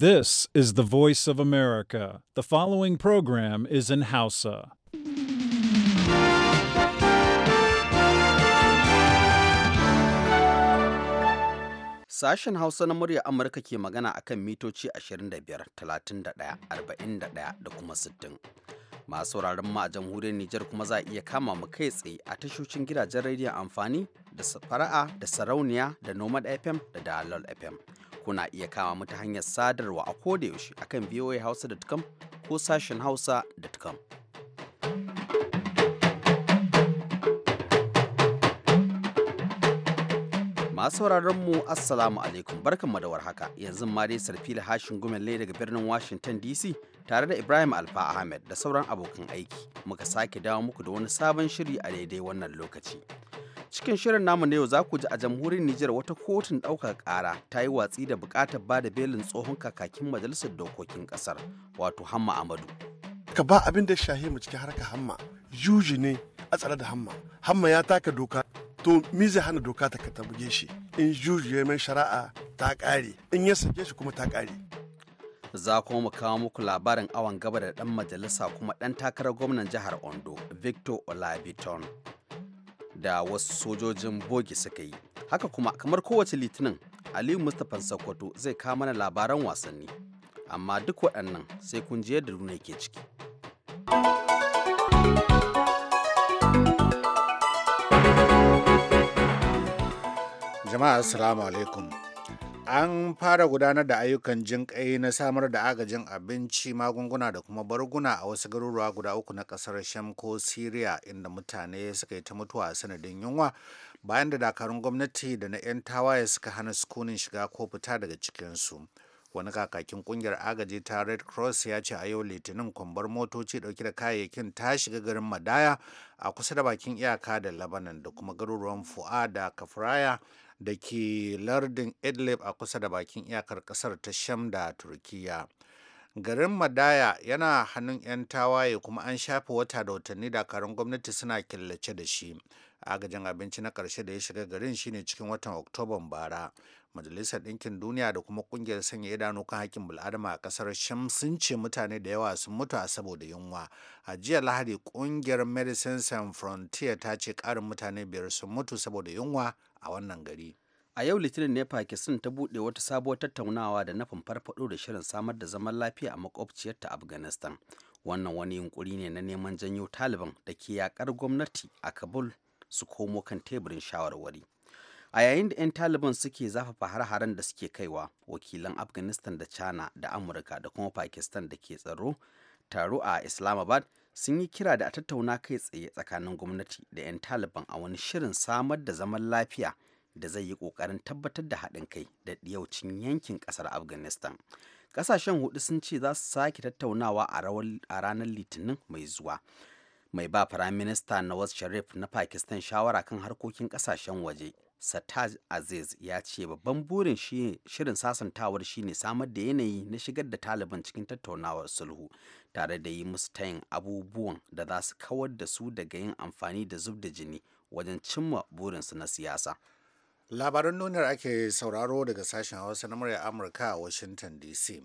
This is the voice of America. The following program is in Hausa. Sashen Hausa na murya Amurka ke magana akan mitoci 25, 31, 41 da kuma 60. Masu sauraron mu a jamhuriyar Nijar kuma za a iya kama mu kai tsaye a tashoshin gidajen rediyon amfani da fara'a da sarauniya da Nomad FM da dalal FM. kuna iya kama mu ta hanyar sadarwa a da yaushe akan voahausa.com ko sashen hausa.com. masu sauraron mu assalamu alaikum barkanmu da warhaka yanzu ma dai sarfila hashin lai daga birnin washington dc tare da ibrahim alfa ahmed da sauran abokan aiki muka sake dawo muku da wani sabon shiri a daidai wannan lokaci cikin shirin namu na yau za ku ji a jamhuriyar Nijar wata kotun ɗaukar ƙara ta yi watsi da bukatar ba da belin tsohon kakakin majalisar dokokin ƙasar wato Hamma Amadu. Ka ba abin da shahe mu cikin harka Hamma juji ne a tsare da Hamma. Hamma ya taka doka to mi zai hana doka ta ka buge shi in juji ya mai shari'a ta ƙare in ya sake shi kuma ta ƙare. Za kuma mu kawo muku labarin awon gaba da ɗan majalisa kuma ɗan takarar gwamnan jihar Ondo Victor Olabiton. da wasu sojojin bogi suka yi haka kuma kamar kowace litinin aliyu mustapha sokoto zai kawo mana labaran wasanni amma duk waɗannan sai kun je da nuna ke ciki jama'a assalamu alaikum an fara gudanar da ayyukan jinƙai na samar da agajin abinci magunguna da kuma barguna a wasu garuruwa guda uku na ƙasar sham ko syria inda mutane suka yi ta mutuwa a sanadin yunwa bayan da dakarun gwamnati da na 'yan tawaye suka hana sukunin shiga ko fita daga cikinsu wani kakakin kungiyar agaji ta red cross ya ce a yau litinin kwambar motoci dauke da kayayyakin ta shiga garin madaya a kusa da bakin iyaka da labanan da kuma garuruwan fu'a da kafraya da ke lardin idlib a kusa da bakin iyakar kasar ta sham da turkiya garin madaya yana hannun 'yan tawaye kuma an shafe wata da watanni dakarun gwamnati suna killace da shi agajin abinci na ƙarshe da ya shiga garin shine cikin watan oktoban bara majalisar ɗinkin duniya da kuma ƙungiyar sanya idanu kan hakkin bil'adama a ƙasar sham sun ce mutane da yawa sun mutu a saboda yunwa a jiya lahadi ƙungiyar medicine sans frontier ta ce ƙarin mutane biyar sun mutu saboda yunwa a wannan gari a yau litinin ne pakistan ta buɗe wata sabuwar tattaunawa da nufin farfaɗo da shirin samar da zaman lafiya a makwabciyarta afghanistan wannan wani yunkuri ne na neman janyo taliban da ke yakar gwamnati a kabul su komo kan teburin shawarwari a yayin da 'yan taliban suke zafafa har-haren da suke kaiwa wakilan afghanistan da china da amurka da kuma pakistan da ke tsaro taro a islamabad sun yi kira da a tattauna kai tsaye tsakanin gwamnati da 'yan taliban a wani shirin samar da zaman lafiya da zai yi ƙoƙarin tabbatar da haɗin kai da ɗiyaucin yankin ƙasar afghanistan ƙasashen hudu sun ce za su sake tattaunawa a ranar litinin mai zuwa mai ba firaminista nawaz sharif na pakistan shawara kan harkokin ƙasashen waje Sattaj Aziz ya ce babban burin shirin sasantawar shine samar da yanayi na shigar da Taliban cikin tattaunawar sulhu tare da yi musu tayin abubuwan da za su kawar da su daga yin amfani da zub da jini wajen cimma burinsu na siyasa. Labaran nunar ake sauraro daga sashen Hausa na murya Amurka a Washington DC.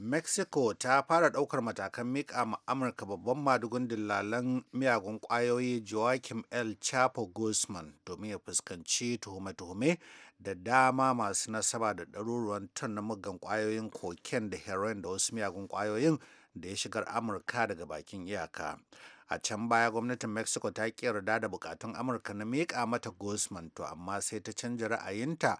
mexico ta fara daukar matakan mika ma amurka babban madugun dillalan miyagun kwayoyi joaquim el chapo guzman domin ya fuskanci tuhume-tuhume da dama masu nasaba da ɗaruruwan ton na muggan kwayoyin koken da heroin da wasu miyagun kwayoyin da ya shigar amurka daga bakin iyaka a can baya gwamnatin mexico ta yarda da bukatun amurka na miƙa mata guzman to amma sai ta canja ra'ayinta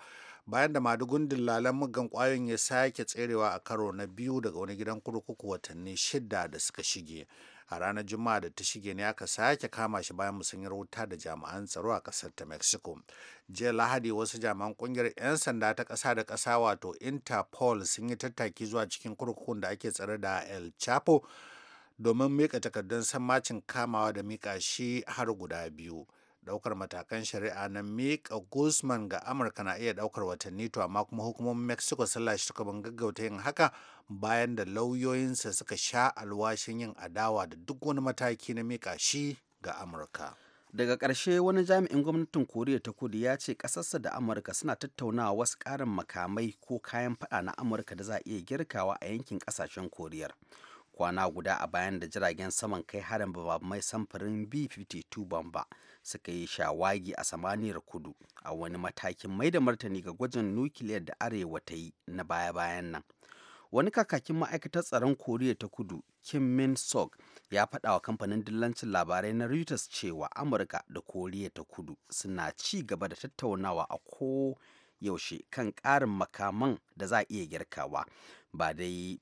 bayan da madugun dillalan muggan kwayoyin ya sake tserewa a karo na biyu daga wani gidan kurkuku watanni shida da suka shige a ranar juma'a da ta shige ne aka sake kama shi bayan musanyar wuta da jami'an tsaro a kasar ta mexico jiya lahadi wasu jami'an kungiyar 'yan sanda ta kasa da kasa wato interpol sun yi tattaki zuwa cikin kurkukun da ake tsare da el chapo domin mika takardun sammacin kamawa da mika shi har guda biyu daukar matakan shari'a na mika guzman ga amurka na iya daukar watanni to amma kuma hukumomin mexico sun lashe tukaban gaggauta yin haka bayan da lauyoyinsa suka sha alwashin yin adawa da duk wani mataki na mika shi ga amurka daga ƙarshe wani jami'in gwamnatin koriya ta kudu ya ce ƙasarsa da amurka suna tattaunawa wasu karin makamai ko kayan faɗa na amurka da za a iya girkawa a yankin ƙasashen koriyar kwana guda a bayan da jiragen saman kai harin mai samfurin b-52 bamba suka yi shawagi a samaniyar kudu a wani matakin mai da martani ga gwajin nukiliyar da arewa ta yi na baya-bayan nan wani kakakin ma'aikatar tsaron koriya ta kudu kim min sok ya faɗa wa kamfanin dillancin labarai na reuters cewa amurka da koriya ta kudu suna ci gaba da tattaunawa a ko yaushe kan karin makaman da za a iya girkawa ba dai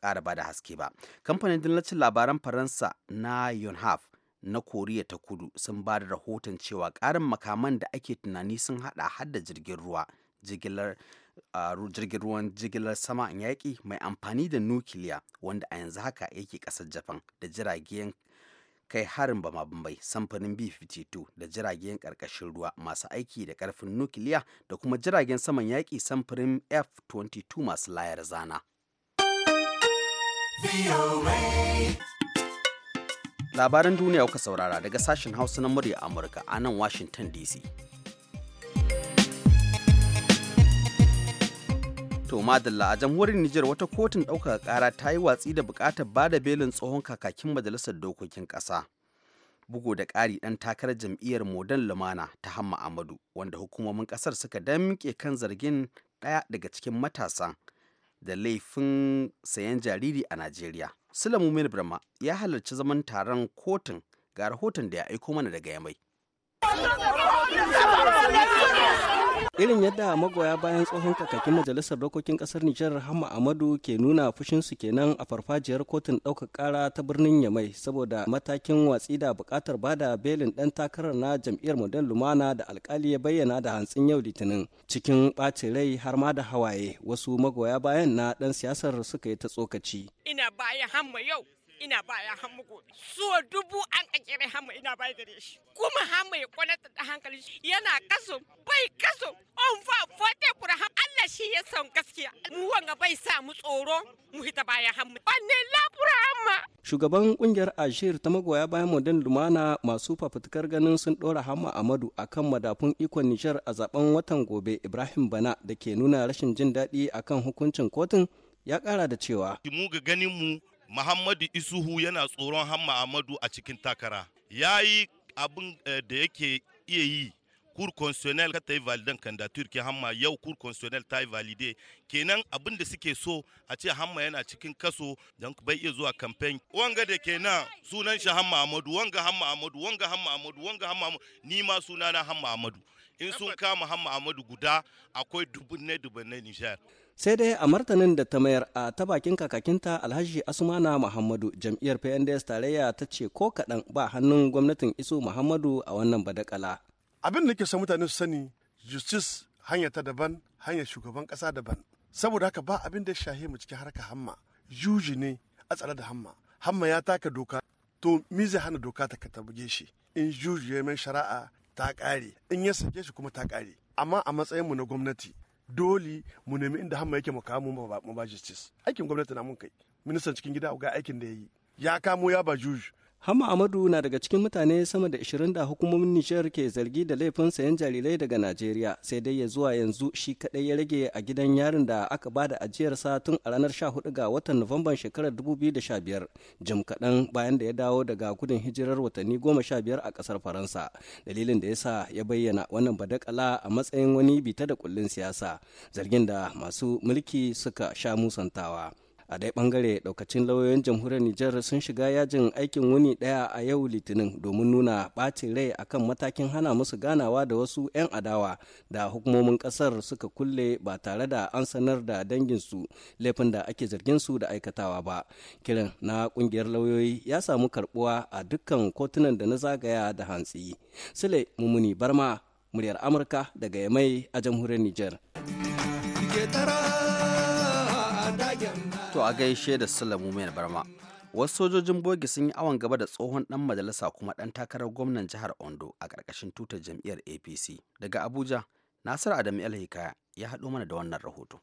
kara ba da haske ba kamfanin dillacin labaran faransa na yonhaf na koriya ta kudu sun ba da rahoton cewa ƙarin makaman da ake tunani sun hada hada jirgin ruwa jigilar jirgin ruwan jigilar sama yaƙi mai amfani da nukiliya wanda a yanzu haka yake ƙasar japan da jiragen kai harin bama bambai samfanin b-52 da jiragen ƙarƙashin ruwa masu aiki da ƙarfin nukiliya da kuma jiragen saman yaƙi samfanin f-22 masu layar zana. labaran duniya kuka saurara daga sashen hausa na murya amurka a nan washington dc to madalla a jamhuriyar niger wata kotun ɗaukaka ƙara ta yi watsi da buƙatar bada belin tsohon kakakin majalisar dokokin ƙasa bugu da ƙari ɗan takarar jam'iyyar modern lumana ta hamma amadu wanda hukumomin ƙasar suka damƙe kan zargin ɗaya daga cikin matasa da laifin sayan jariri a najeriya Sulamu Mil Brahma ya halarci zaman taron kotun ga rahoton da ya aiko mana daga Yamai. irin yadda magoya bayan tsohon kakakin majalisar dokokin kasar nijar hama amadu ke nuna fushinsu kenan a farfajiyar kotun ɗaukar ƙara ta birnin yamai saboda matakin watsi da buƙatar bada belin ɗan takarar na jam'iyyar model lumana da alkali ya bayyana da hantsin yau litinin cikin ɓacin rai har ma da hawaye wasu magoya bayan na ɗan siyasar suka yi ta tsokaci ina bayan hamma yau ina baya hamu gobe so dubu an kakere hamu ina baya gare shi kuma har ya kwanata da hankali yana kaso bai kaso on fa fote Allah shi ya san gaskiya mu wanga bai sa mu tsoro mu hita baya hamu. wanne banne labura amma shugaban kungiyar Ashir ta magoya bayan modern Lumana masu fafutukar ganin sun dora Hamma Amadu akan madafun ikon Nijar a zaben watan gobe Ibrahim Bana da ke nuna rashin jin daɗi akan hukuncin kotun ya kara da cewa mu ga ganin mu Muhammadu Isuhu yana tsoron Hamma Ahmadu a cikin takara. Ya yi abin eh, da yake iya yi Cour constitutionnelle ta yi validan candidature ke hamma yau Kur constitutionnelle ta yi valide kenan abin da suke so a ce hamma yana cikin kaso don bai iya zuwa campaign wanga da kenan sunan shi hamma amadu wanga hamma amadu wanga hamma amadu wanga hamma amadu ni ma sunana hamma amadu in sun kama hamma amadu guda akwai dubunne dubunne Nijar. sai dai a martanin da ta mayar a ta bakin kakakinta alhaji asumana muhammadu jam'iyyar pnds tarayya ta ce ko kaɗan ba hannun gwamnatin iso muhammadu a wannan badakala abin da ke sa mutane su sani justice hanya ta daban hanya shugaban ƙasa daban saboda haka ba abin da shahe mu cikin harka hamma juji ne a tsare da hamma hamma ya taka doka to mi zai hana doka ta ta shi in juji ya mai shari'a ta ƙare in ya sake shi kuma ta ƙare amma a matsayinmu na gwamnati dole mu nemi inda hamma yake mu kamo mu ba justice aikin gwamnati na mun kai ministan cikin gida ga aikin da ya yi ya kamo ya ba juju hamma Amadu na daga cikin mutane sama da 20 da hukumomin Nijar ke zargi da laifin sayan jarirai daga Najeriya sai dai ya zuwa yanzu shi kadai ya rage a gidan yarin da aka ba da ajiyarsa tun a ranar 14 ga watan Nuwamban shekarar 2015 jim kaɗan bayan da ya dawo daga gudun hijirar watanni 15 a kasar Faransa dalilin da yasa ya bayyana wannan badakala a matsayin wani bita da kullun siyasa zargin da masu mulki suka sha musantawa. a dai bangare daukacin lauyoyin jamhuriyar nijar sun shiga yajin aikin wuni daya a yau litinin domin nuna ɓacin rai akan matakin hana musu ganawa da wasu 'yan adawa da hukumomin kasar suka kulle ba tare da an sanar da danginsu laifin da ake zargin su da aikatawa ba kiran na kungiyar lauyoyi ya samu karbuwa a dukkan kotunan da na zagaya da hantsi sule mumuni barma muryar amurka daga yamai a jamhuriyar nijar. To a gaishe da Sulamu mai barma. Wasu sojojin bogi sun yi awon gaba da tsohon dan majalisa kuma dan takarar gwamnan jihar Ondo a ƙarƙashin tutar jam'iyyar APC. Daga Abuja, Nasir Adamu El Hikaya ya haɗo mana da wannan rahoto.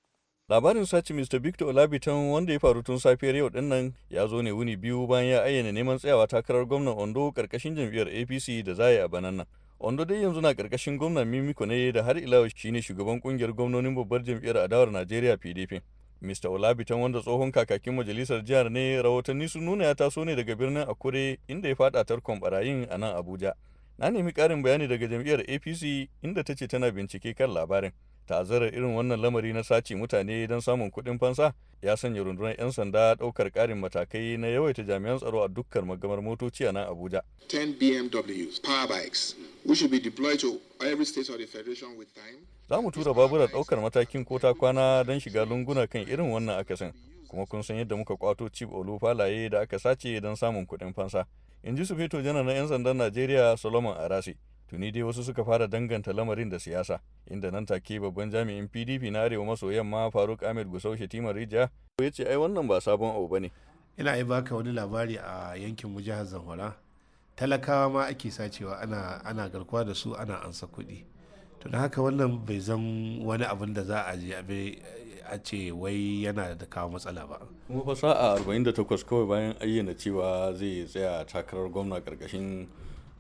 Labarin sace Mr. Victor Olabitan wanda ya faru tun safiyar yau nan ya zo ne wuni biyu bayan ya ayyana neman tsayawa takarar gwamnan Ondo ƙarƙashin jam'iyyar APC da za a banan nan. Ondo dai yanzu na ƙarƙashin gwamnan Mimiko ne da har ila ne shugaban kungiyar gwamnonin babbar jam'iyyar adawar Najeriya PDP. Mr. Olabitan wanda tsohon kakakin majalisar jihar ne rahotanni sun nuna ya taso ne daga birnin Akure inda ya fada tarkon barayin a nan Abuja. Na nemi karin bayani daga jam'iyyar APC inda ta ce tana bincike kan labarin. tazarar irin wannan lamari na sace mutane don samun kuɗin fansa ya sanya rundunar 'yan sanda ɗaukar karin matakai na yawaita jami'an tsaro a dukkan magamar motoci a nan Abuja. 10 BMWs, power bikes, we should be deployed to every state of the federation with time. Za mu tura baburar ɗaukar matakin ko ta kwana don shiga lunguna kan irin wannan akasin. Kuma kun san yadda muka kwato Chief Olufalaye da aka sace don samun kuɗin fansa. In ji Sufeto Janar na 'yan sandan Najeriya Solomon Arasi. tuni dai wasu suka fara danganta lamarin da siyasa inda nan take babban jami'in pdp na arewa maso yamma faruk ahmed gusau shetima rijiya ya ce ai wannan ba sabon abu bane ina ai baka wani labari a yankin mu jihar zamfara talakawa ma ake sacewa ana ana garkuwa da su ana ansa kuɗi to da haka wannan bai zan wani abin da za a je a ce wai yana da kawo matsala ba kuma fa sa'a 48 kawai bayan ayyana cewa zai tsaya takarar gwamna karkashin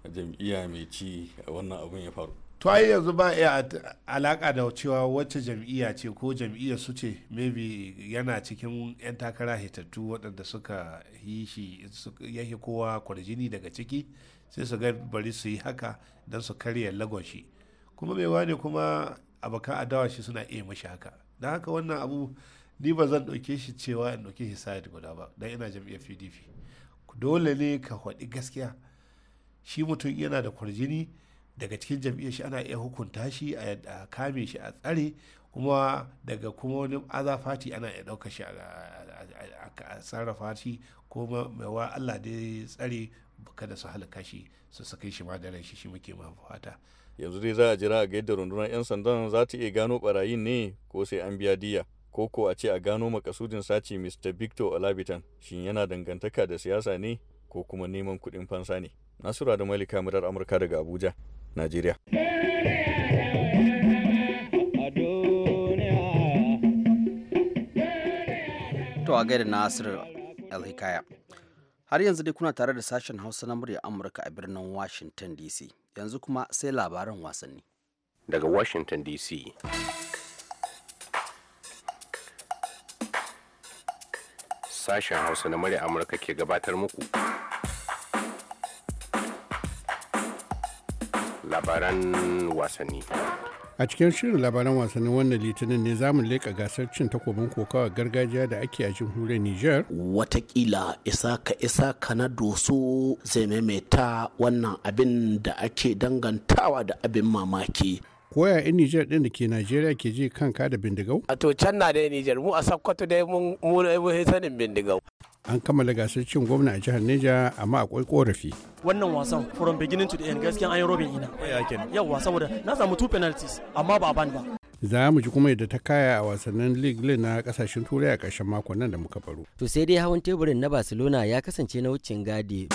jam'iyya mai ci wannan abun ya faru to ai yanzu ba iya alaka da cewa wacce jam'iyya ce ko jam'iyya su ce maybe yana cikin 'yan takara hitattu waɗanda suka yi shi yake kowa kwarjini daga ciki sai su ga bari su yi haka don su karya lagon shi kuma mai wane kuma abokan adawa shi suna iya mashi haka don haka wannan abu ni ba zan ɗauke shi cewa in ɗauke shi sa'ad guda ba don ina jam'iyyar pdp dole ne ka faɗi gaskiya shi mutum yana da kwarjini daga cikin jam'iyyar shi ana iya hukunta shi a kame shi a tsare kuma daga kuma wani azafati ana iya ɗaukar shi a sarrafa shi ko mai wa Allah da tsare kada su halaka shi su saka shi ma da shi shi muke mafata. yanzu dai za a jira a ga yadda rundunar 'yan sandan za ta iya gano barayin ne ko sai an biya diya ko ko a ce a gano makasudin sace mr victor olabitan shin yana dangantaka da siyasa ne ko kuma neman kuɗin fansa ne Nasura da Malika murar Amurka daga Abuja, Najeriya. To a gaida Nasir Alhikaya. Har yanzu dai kuna tare da sashen Hausa na murya Amurka a birnin Washington DC. Yanzu kuma sai labaran wasanni. Daga Washington DC. Sashen Hausa na murya Amurka ke gabatar muku. labaran wasanni. A cikin shirin labaran wasanni wannan litinin ne zamu leƙa gasar cin takobin kokawa gargajiya da ake a jamhuriyar Nijar. Watakila isaka isaka na doso zai maimaita wannan abin da ake dangantawa da abin mamaki. koya yan Nijar din da ke Najeriya ke ji kanka da bindigau? A to can na dai Nijar mu a Sokoto dai mun mu sanin bindigau. An kammala gasar cin gwamna a jihar Niger amma akwai korafi. Wannan wasan from beginning to the end gaskiya an yi robin ina. Yawwa saboda na samu two penalties amma ba ban ba. za mu ji kuma yadda ta kaya a wasannin league na kasashen turai a ƙarshen makon nan da muka faru. to sai dai hawan teburin na barcelona ya kasance na wucin gadi.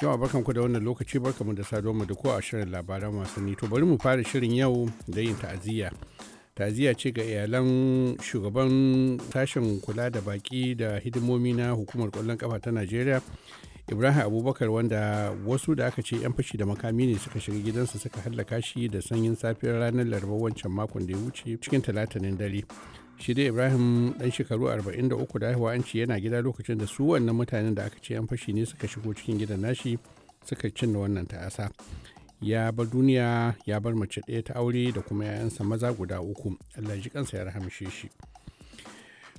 Jama'a barkan da wannan lokaci barkamu da saduwa mu da ko a shirin labaran wasanni to bari mu fara shirin yau da yin ta'aziyya. Ta'aziyya ce ga iyalan shugaban sashen kula da baki da hidimomi na hukumar kwallon kafa ta Najeriya Ibrahim Abubakar wanda wasu da aka ce 'yan fashi da makami ne suka shiga gidansa suka hallaka shi da sanyin safiyar ranar Laraba wancan makon da ya wuce cikin talatinin dare. shi ibrahim dan shekaru 43 da haihuwa an ce yana gida lokacin da su wannan mutanen da aka ce an fashi ne suka shigo cikin gidan nashi suka cinna wannan ta'asa ya bar duniya ya bar mace ɗaya ta aure da kuma 'ya'yansa maza guda uku allah ji kansa ya rahamshe shi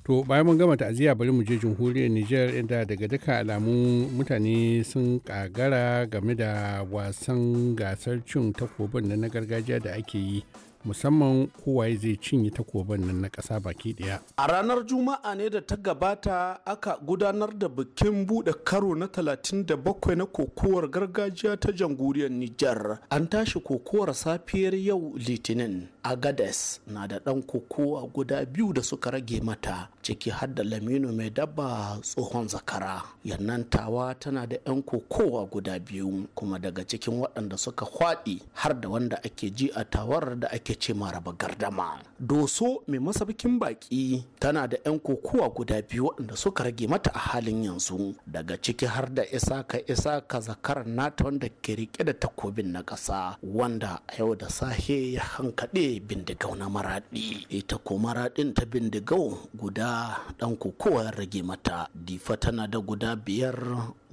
to bayan mun gama ta'aziyya bari mu je jamhuriyar niger inda daga duka alamu mutane sun kagara game da wasan gasar cin takobin na gargajiya da ake yi musamman kowaye zai cinye takoban nan na ƙasa baki ɗaya. A ranar Juma'a ne da ta gabata aka gudanar da bikin buɗe karo na 37 na kokowar gargajiya ta jamhuriyar Nijar. An tashi kokowar safiyar yau Litinin. agades na da ɗan kokowa guda biyu da suka rage mata ciki har da lamino mai dabba tsohon zakara yannan tawa tana da 'yan kokowa guda biyu kuma daga cikin waɗanda suka haɗi har da wanda ake ji a tawar da ake ce maraba gardama doso mai masabikin baƙi tana da 'yan kokowa guda biyu waɗanda suka rage mata a halin yanzu daga ciki har da isaka isaka zakarar nata wanda ke rike da takobin na ƙasa wanda a yau da sahe ya hankaɗe bindigau na maraɗi ita ko maraɗin ta bindigau guda ɗan kokowa rage mata difa tana da guda biyar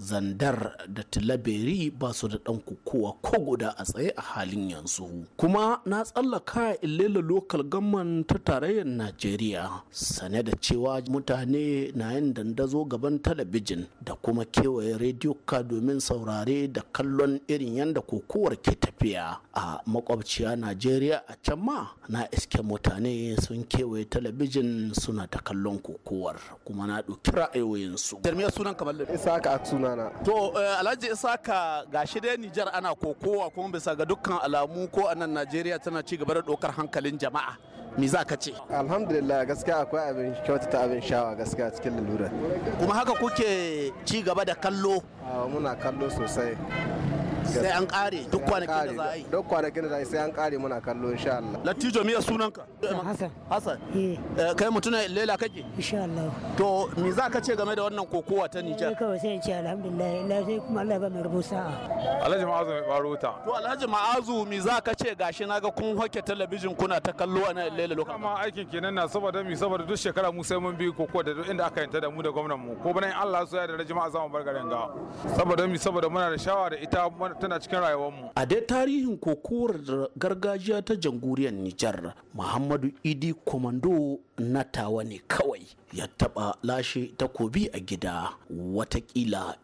zandar da tilaberi ba su da ɗan kokowa ko guda a tsaye a halin yanzu kuma na tsallaka illela lokal gamman ta tarayyar najeriya sane da cewa mutane na yin dandazo gaban talabijin da kuma kewaye rediyo ka domin saurare da kallon irin yadda kokowar ke tafiya a makwabciya najeriya a can ma na iske mutane sun kewaye talabijin suna ta kallon kokowar kuma na ɗauki ra'ayoyinsu. Jarmiyar sunan kamar Isa ka suna To eh, Alhaji Isaka gashi dai Nijar ana kokowa kuma bisa ga dukkan alamu ko a nan Najeriya tana ci gaba da ɗaukar hankalin jama'a. Me za ka ce? Alhamdulillah gaskiya akwai abin kyautata abin shawa gaskiya cikin lalura. Kuma haka kuke ci gaba da kallo? Muna kallo sosai. sai an kare duk kwanakin da za a yi duk kwanakin da za a yi sai an kare muna kallo insha Allah Latijo miya sunanka Hassan Hassan eh. Eh, kai mutuna lela kake insha Allah to me za ka ce game da wannan kokowa ta Nijar eh, kawai sai in ce alhamdulillah la sai kuma Allah ba mai rubu sa'a Alhaji Ma'azu mai ta. to Alhaji Ma'azu me za ka ce gashi naga kun hoke talabijin kuna ta kallo a nan lela lokacin amma aikin kenan na saboda mi saboda duk shekara mu sai mun bi kokowa da duk inda aka yanta da mu da gwamnan mu ko bane Allah so ya da jama'a za mu bar garin ga saboda mi saboda muna da shawara da ita tana cikin rayuwarmu a dai tarihin kokowar gargajiya ta jamhuriyar nijar muhammadu idi komando natawa ne kawai ya taba lashe takobi a gida watakila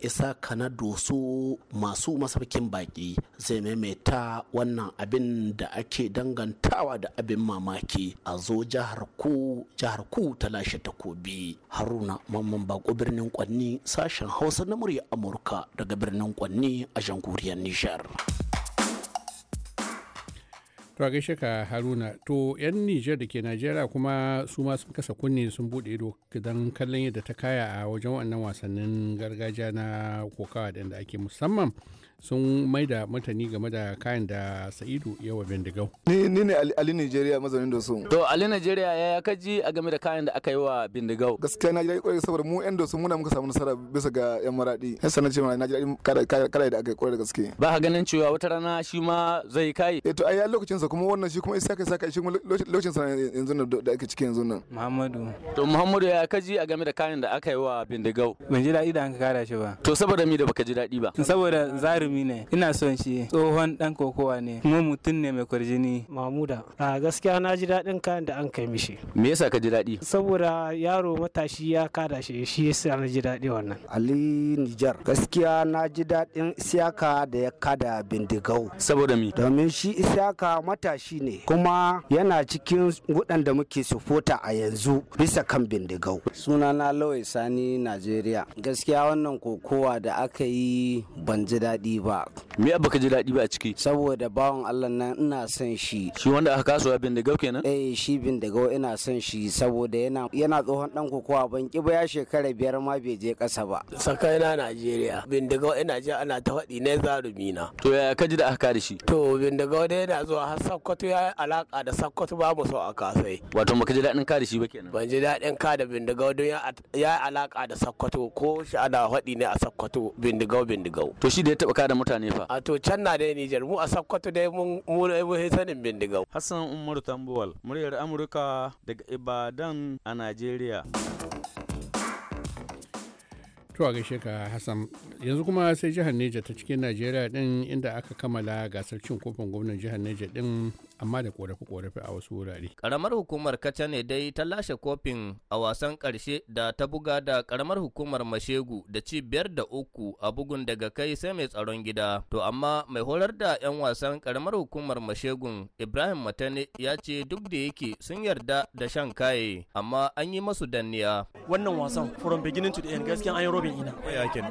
isa ka na doso masu masarkin baki zai maimaita wannan abin da ake dangantawa da abin mamaki a zo jihar ku jihar ku ta lashe takobi haruna mamman bako birnin kwanni sashen hausa na murya amurka daga birnin kwanni a jamhuriyar nijar to a gaishe ka haruna to yan nijar da ke najeriya kuma su ma sun kasa kunne sun bude ido don kallon yadda ta kaya a wajen wannan wasannin gargajiya na kokawa da ake musamman sun maida matani game da kayan da sa'idu yawa bindigau ni ne ali nigeria mazaunin da su to ali nigeria ya kaji a game da kayan da aka yi wa bindigau gaskiya na ji daɗi kwarai saboda mu yan dosu muna muka samu nasara bisa ga yan maraɗi yasa na ce mana na ji daɗin kada da aka yi kwarai da gaske ba ka ganin cewa wata rana shi ma zai kai eh to ai ya lokacin sa kuma wannan shi kuma isa kai saka shi kuma lokacin sa yanzu da ake ciki yanzu nan muhammadu to muhammadu ya kaji a game da kayan da aka yi wa bindigau ban ji daɗi da an kara shi ba to saboda me da baka ji daɗi ba saboda zarumi jarumi ne ina son shi tsohon dan kokowa ne kuma mutum ne mai kwarjini mamuda a gaskiya na ji daɗin kayan da an kai mishi me yasa ka ji daɗi saboda yaro matashi ya kada shi shi yasa na ji daɗi wannan ali nijar gaskiya na ji daɗin isiyaka da ya kada bindigau saboda mi domin shi isiyaka matashi ne kuma yana cikin waɗanda muke sufota a yanzu bisa kan bindigau sunana lawai sani najeriya gaskiya wannan kokowa da aka yi ban ji daɗi ba me abu ka ji daɗi ba a ciki saboda bawan Allah nan ina son shi shi wanda aka kaso ya bindigau kenan eh shi bindigau ina son shi saboda yana yana tsohon dan kokowa ban ki ya shekara biyar ma bai je ƙasa ba sakaina Najeriya bindigau ina ji ana ta faɗi ne zarumi na to ya ka ji da aka kare shi to bindigau dai yana zuwa har Sokoto ya alaka da Sokoto ba mu so a kasai wato ka ji daɗin ka shi ba kenan ban ji daɗin ka da bindigau don ya alaka da Sokoto ko shi ana faɗi ne a Sokoto bindigau bindigau to shi da ya taɓa halaka da mutane fa a to can na dai Nijar mu a Sokoto dai mun mu mun sanin bindigau Hassan Umar Tambuwal muryar Amurka daga Ibadan a Najeriya To a gaishe ka Hassan yanzu kuma sai jihar Neja ta cikin Najeriya din inda aka kammala gasar cin kofin gwamnan jihar Neja din amma da korafe-korafe a wasu wurare. Karamar hukumar kaca ne dai ta lashe kofin a wasan ƙarshe da ta buga da karamar hukumar Mashegu da ci biyar da uku a bugun daga kai sai mai tsaron gida. To amma mai horar da 'yan wasan karamar hukumar Mashegun Ibrahim matani ya ce duk da yake sun yarda da shan kaye amma an yi masu danniya. Wannan wasan from beginning to the end gaskiya an yi robin ina.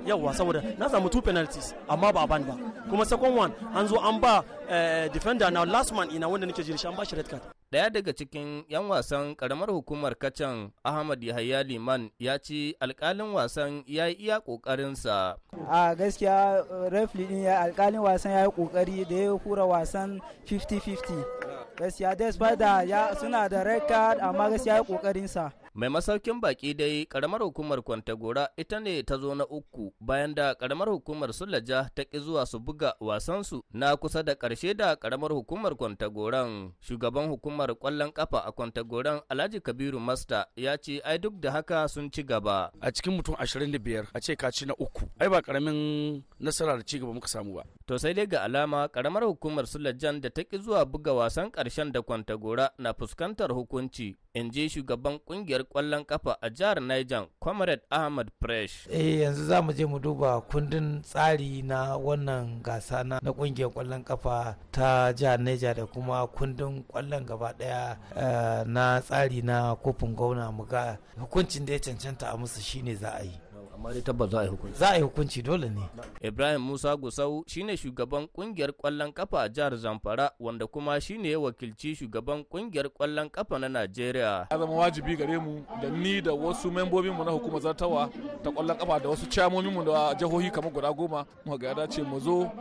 Yawa saboda na samu two penalties amma ba a ban ba. Kuma second one an zo an ba Eh, defender na last man ina wanda nake jirgin shi an bashi red card daya daga cikin yan wasan karamar hukumar kacan ahmad yahaya liman ya ci alkalin wasan ya yi iya kokarinsa a gaskiya refli din ya alkalin wasan ya yi kokari da ya kura wasan 50-50 gaskiya despite da suna da red card amma gaskiya ya yi kokarinsa Mai masaukin baki dai karamar hukumar Kwantagora ita ne ta zo na uku bayan da karamar hukumar Sulaja ta ki zuwa su buga wasansu na kusa da ƙarshe da karamar hukumar Kwantagoran. Shugaban hukumar ƙwallon kafa a Kwantagoran Alhaji Kabiru Masta ya ce ai duk da haka sun ci gaba. A cikin mutum 25 a ce ka ci na uku. Ai ba karamin nasara da ci gaba muka samu ba. To sai dai ga alama karamar hukumar Sulajan da ta ki zuwa buga wasan karshen da Kwantagora na fuskantar hukunci in ji shugaban kungiyar kwallon kafa a jihar Niger, Comrade Ahmad Fresh. Eh yanzu za mu je mu duba kundin tsari na wannan gasa na kungiyar kwallon kafa ta jihar Niger da kuma kundin kwallon gaba daya eh, na tsari na kofin gauna mu ga hukuncin da ya cancanta a musu shine za a yi. amma dai tabbas za a yi hukunci za a yi hukunci dole ne ibrahim musa gusau shine shugaban kungiyar kwallon kafa a jihar zamfara wanda kuma shine ya wakilci shugaban kungiyar kwallon kafa na najeriya ya zama wajibi gare mu da ni da wasu membobin mu na hukumar zartawa ta kwallon kafa da wasu chamomin mu da jihohi kamar guda goma mu ga ya dace mu zo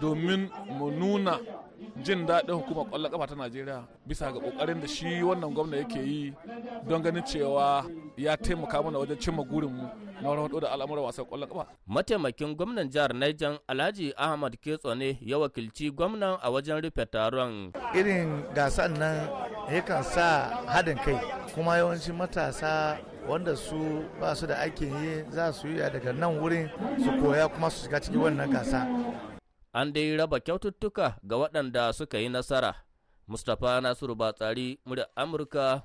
domin mu nuna jin daɗin hukumar kwallon kafa ta najeriya bisa ga ƙoƙarin da shi wannan gwamna yake yi don ganin cewa ya taimaka mana wajen cimma gurinmu na wani da al'amuran wasan kwallon kafa. Mataimakin gwamnan jihar Niger Alhaji Ahmad Ketso ne ya wakilci gwamnan a wajen rufe taron. Irin gasan nan yakan sa haɗin kai kuma yawancin matasa wanda su ba su da aikin yi za su yi daga nan wurin su koya kuma su shiga cikin wannan gasa. An dai raba kyaututtuka ga waɗanda suka yi nasara. Mustapha Nasiru Batsari, murya Amurka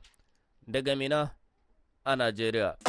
daga Mina a Najeriya.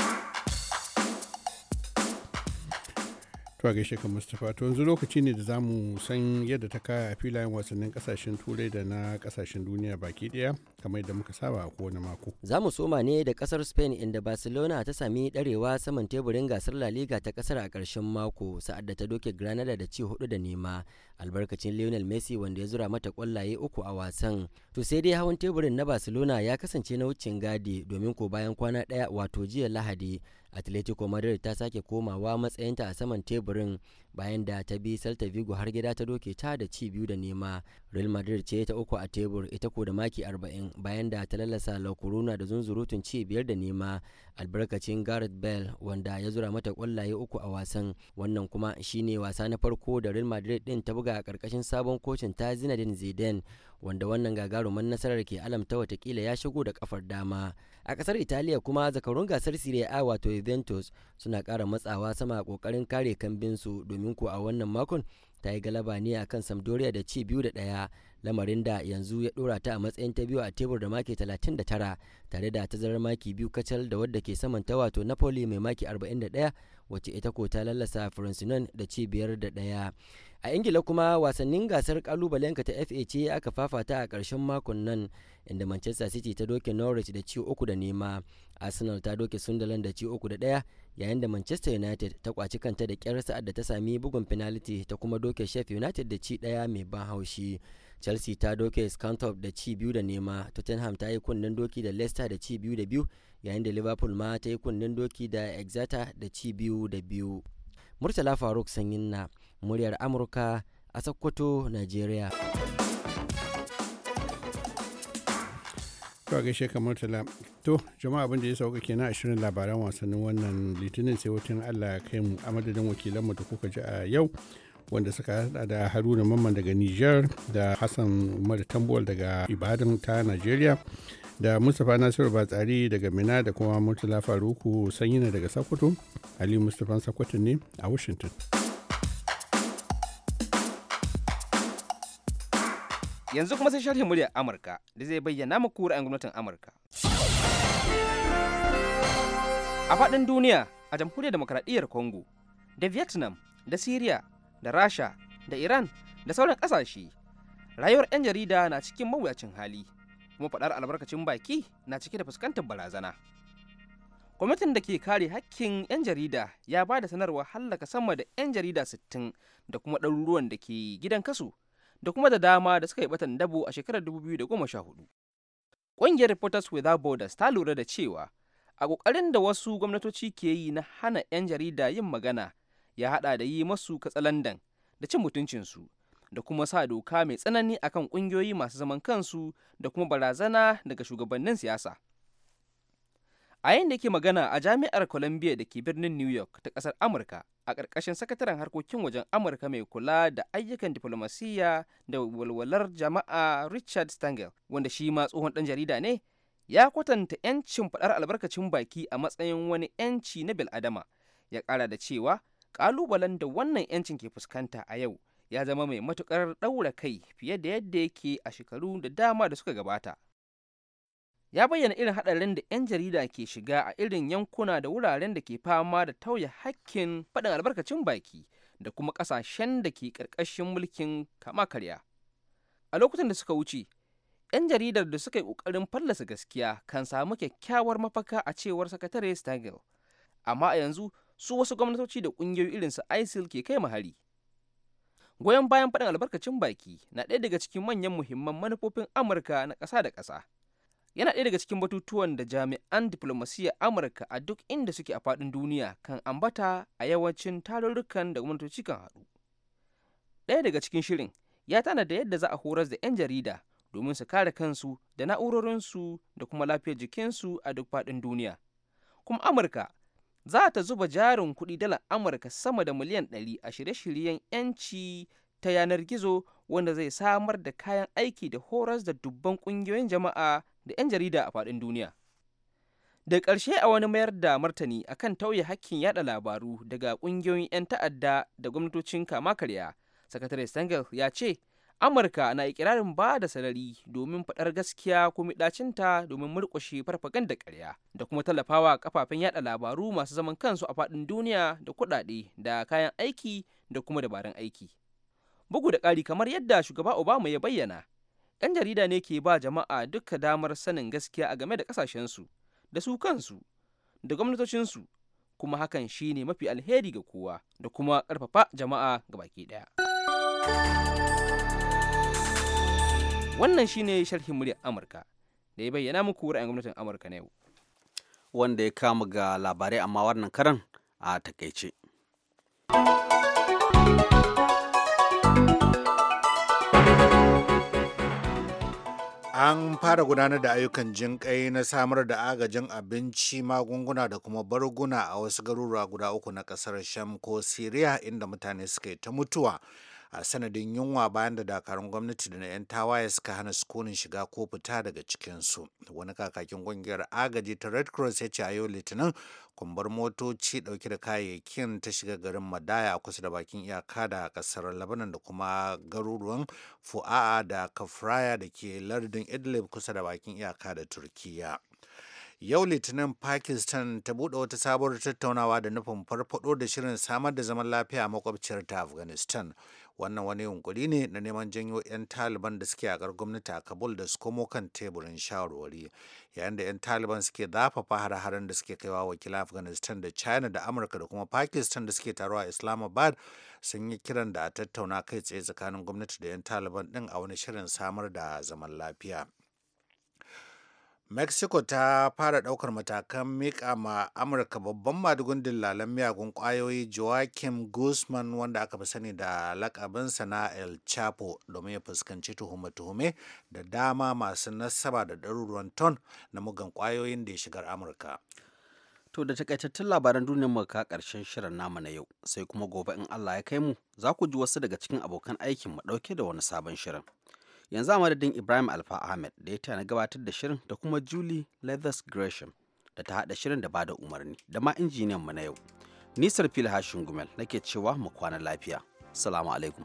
To gaishe ka Mustapha to yanzu lokaci ne da za mu san yadda ta kaya a filayen wasannin kasashen turai da na kasashen duniya baki daya kamar yadda muka saba a kowane mako. Za mu soma ne da kasar Spain inda Barcelona ta sami darewa saman teburin gasar La Liga ta kasar a ƙarshen mako sa'ad da ta doke Granada da ci hudu da nema albarkacin Lionel Messi wanda ya zura mata kwallaye uku a wasan. To sai dai hawan teburin na Barcelona ya kasance na wucin gadi domin ko bayan kwana ɗaya wato jiya Lahadi atletico madrid ta sake komawa matsayinta a saman teburin bayan da ta bi celta vigo har gida ta doke ta da ci biyu da nema real madrid ce ta uku a tebur ita ko da maki 40 bayan da ta lalasa la corona da zunzurutun ci biyar da nema albarkacin gareth bell wanda ya zura mata kwallaye uku a wasan wannan kuma shine wasa na farko da real madrid din ta buga a karkashin sabon kocin ta zinedine zidane wanda wannan gagaruman nasarar ke alamta watakila ya shigo da kafar dama a kasar italiya kuma zakarun gasar serie a wato juventus suna kara matsawa sama kokarin kare kambinsu domin ko a wannan makon ta yi galaba ne akan sampdoria da ci biyu da daya lamarin da yanzu ya dora ta a matsayin ta biyu a tebur da maki 39 tare da tazarar maki biyu kacal da wadda ke saman ta wato napoli mai maki 41 wacce ita ko ta lallasa francinon da ci biyar da daya. A Ingila kuma wasannin gasar kalubalenka ta FA ce aka fafata a karshen makon nan inda Manchester City ta doke Norwich da ci uku da nema. Arsenal ta doke Sunderland da ci uku da daya yayin da Manchester United ta kwaci kanta da kyar sa'ad da ta sami bugun penalty ta kuma doke Sheffield United da ci daya mai ban haushi. Chelsea ta doke Scantop da ci biyu da nema. Tottenham ta yi kunnen doki da Leicester da ci biyu da biyu yayin da liverpool ma ta yi kunnen doki da exeter da ci biyu da biyu murtala faruk sanyin na muryar amurka a sokoto nigeria kawai gaishe ka murtala to jama'a abin da ya sauka ke a ashirin labaran wasannin wannan litinin sai wutan allah kai mu a madadin wakilanmu da kuka ji a yau wanda suka hada da haruna mamman daga niger da hassan umar tambuwal daga ibadan ta nigeria da mustapha nasiru batsari daga mina da kuma murtala faruku sanyi ne daga sokoto ali mustapha sokoto ne a washington yanzu kuma sai sharhin muryar amurka da zai bayyana muku ra'ayin gwamnatin amurka a faɗin duniya a jamhuriyar demokradiyyar congo da vietnam da syria da rasha da iran da sauran ƙasashe rayuwar 'yan jarida na cikin mawuyacin hali kuma faɗar albarkacin baki na cike da fuskantar barazana kwamitin da ke kare hakkin 'yan jarida ya ba da sanarwa hallaka sama da 'yan jarida sittin da kuma ɗaruruwan da ke gidan kasu da kuma da dama da suka yi batan dabo a shekarar 2014 ƙungiyar reporters without borders ta lura da cewa a ƙoƙarin da wasu gwamnatoci ke yi na hana 'yan jarida yin magana ya haɗa da yi masu katsalandan da cin mutuncinsu da kuma sa doka mai tsanani akan kungiyoyi masu zaman kansu da kuma barazana daga shugabannin siyasa a yayin da ke magana a jami'ar columbia da ke birnin new york ta ƙasar amurka a ƙarƙashin sakataren harkokin wajen amurka mai kula da ayyukan diflomasiyya da walwalar jama'a richard stangel wanda shi ma tsohon ɗan jarida ne ya kwatanta 'yancin faɗar albarkacin baki a matsayin wani 'yanci na bil'adama ya ƙara da cewa ƙalubalen da wannan 'yancin ke fuskanta a yau ya zama mai matukar ɗaura kai fiye da yadda yake a shekaru da dama da suka gabata ya bayyana irin haɗarin da 'yan jarida ke shiga a irin yankuna da wuraren da ke fama da tauye hakkin faɗin albarkacin baki da kuma ƙasashen da ke ƙarƙashin mulkin kama karya a lokutan da suka wuce 'yan jaridar da suka yi ƙoƙarin fallasa gaskiya kan samu kyakkyawar mafaka a cewar sakatare stagel amma a yanzu su wasu gwamnatoci da ƙungiyoyi irinsu isil ke kai mahari Goyon bayan faɗin albarkacin baki na ɗaya daga cikin manyan muhimman manufofin Amurka na ƙasa da ƙasa. Yana ɗaya daga cikin batutuwan da jami'an diflomasiyyar Amurka a duk inda suke a faɗin duniya kan ambata a yawancin tarurrukan da gwamnatoci kan haɗu. Ɗaya daga cikin shirin ya tana da yadda za a horas da 'yan jarida domin su kare kansu da na'urorinsu da kuma lafiyar jikinsu a duk faɗin duniya. Kuma Amurka za ta zuba jarin kuɗi dalar amurka sama da miliyan 100 a shirye-shiryen 'yanci ta yanar gizo wanda zai samar da kayan aiki da horas da dubban ƙungiyoyin jama'a da 'yan jarida a faɗin duniya da ƙarshe a wani mayar da martani akan tauye hakkin yada labaru daga ƙungiyoyin 'yan ta'adda da gwamnatocin kama karya sakatare stengel ya ce amurka na ikirarin ba da sarari domin faɗar gaskiya ko miɗacinta domin murƙushe da ƙarya da kuma tallafawa kafafen yaɗa labaru masu zaman kansu a faɗin duniya da kuɗaɗe da kayan aiki da kuma dabarun aiki bugu da ƙari kamar yadda shugaba obama ya bayyana 'yan jarida ne ke ba jama'a duka damar sanin gaskiya a game da ƙasashensu da su kansu da gwamnatocinsu kuma hakan shine mafi alheri ga kowa da kuma ƙarfafa jama'a ga baki ɗaya. Wannan shine sharhin muryar Amurka da ya bayyana muku ra'ayin gwamnatin Amurka na yau. Wanda ya kama ga labarai amma wannan karan a takaice. An fara gudanar da ayyukan jinƙai na samar da agajin abinci, magunguna da kuma barguna a wasu garuruwa guda uku na kasar Sham ko Siriya inda mutane suka yi ta mutuwa. a sanadin yunwa bayan da dakarun gwamnati da na 'yan tawaye suka hana sukunin shiga ko fita daga cikinsu wani kakakin kungiyar agaji ta red cross ya ce a yau litinin kumbar motoci dauke da kayayyakin ta shiga garin madaya kusa da bakin iyaka da kasar labanan da kuma garuruwan fu'a'a da kafraya da ke lardin idlib kusa da bakin iyaka da turkiya yau litinin pakistan ta buɗe wata sabuwar tattaunawa da nufin farfado da shirin samar da zaman lafiya a makwabciyar ta afghanistan wannan wani yunkuri ne na neman janyo 'yan taliban da suke yakar gwamnati a kabul da su komo kan teburin shawarwari yayin da 'yan taliban suke zafafa har-haren da suke kaiwa wakilan afghanistan da china da amurka da kuma pakistan da suke taruwa a islamabad sun yi kiran da a tattauna kai tsaye tsakanin gwamnati da 'yan taliban din a wani shirin samar da zaman lafiya mexico ta fara daukar matakan mika ma amurka babban madugun dillalan miyagun kwayoyi joaquim guzman wanda aka fi sani da lakabin na el chapo domin ya fuskanci tuhume-tuhume da dama masu nasaba da ɗaruruwan ton na mugan kwayoyin da ya shigar amurka to da takaitattun labaran duniyar mu ka karshen shirin namu na yau sai kuma gobe in allah ya kai mu za ku ji wasu daga cikin abokan aikin mu dauke da wani sabon shirin yanzu a madadin ibrahim alfa ahmed da ya tana gabatar da shirin da kuma julie leathers gresham da ta haɗa shirin da bada umarni da ma injiniyan mu na yau nisar fil hashin gumel nake cewa mu kwana lafiya salamu alaikum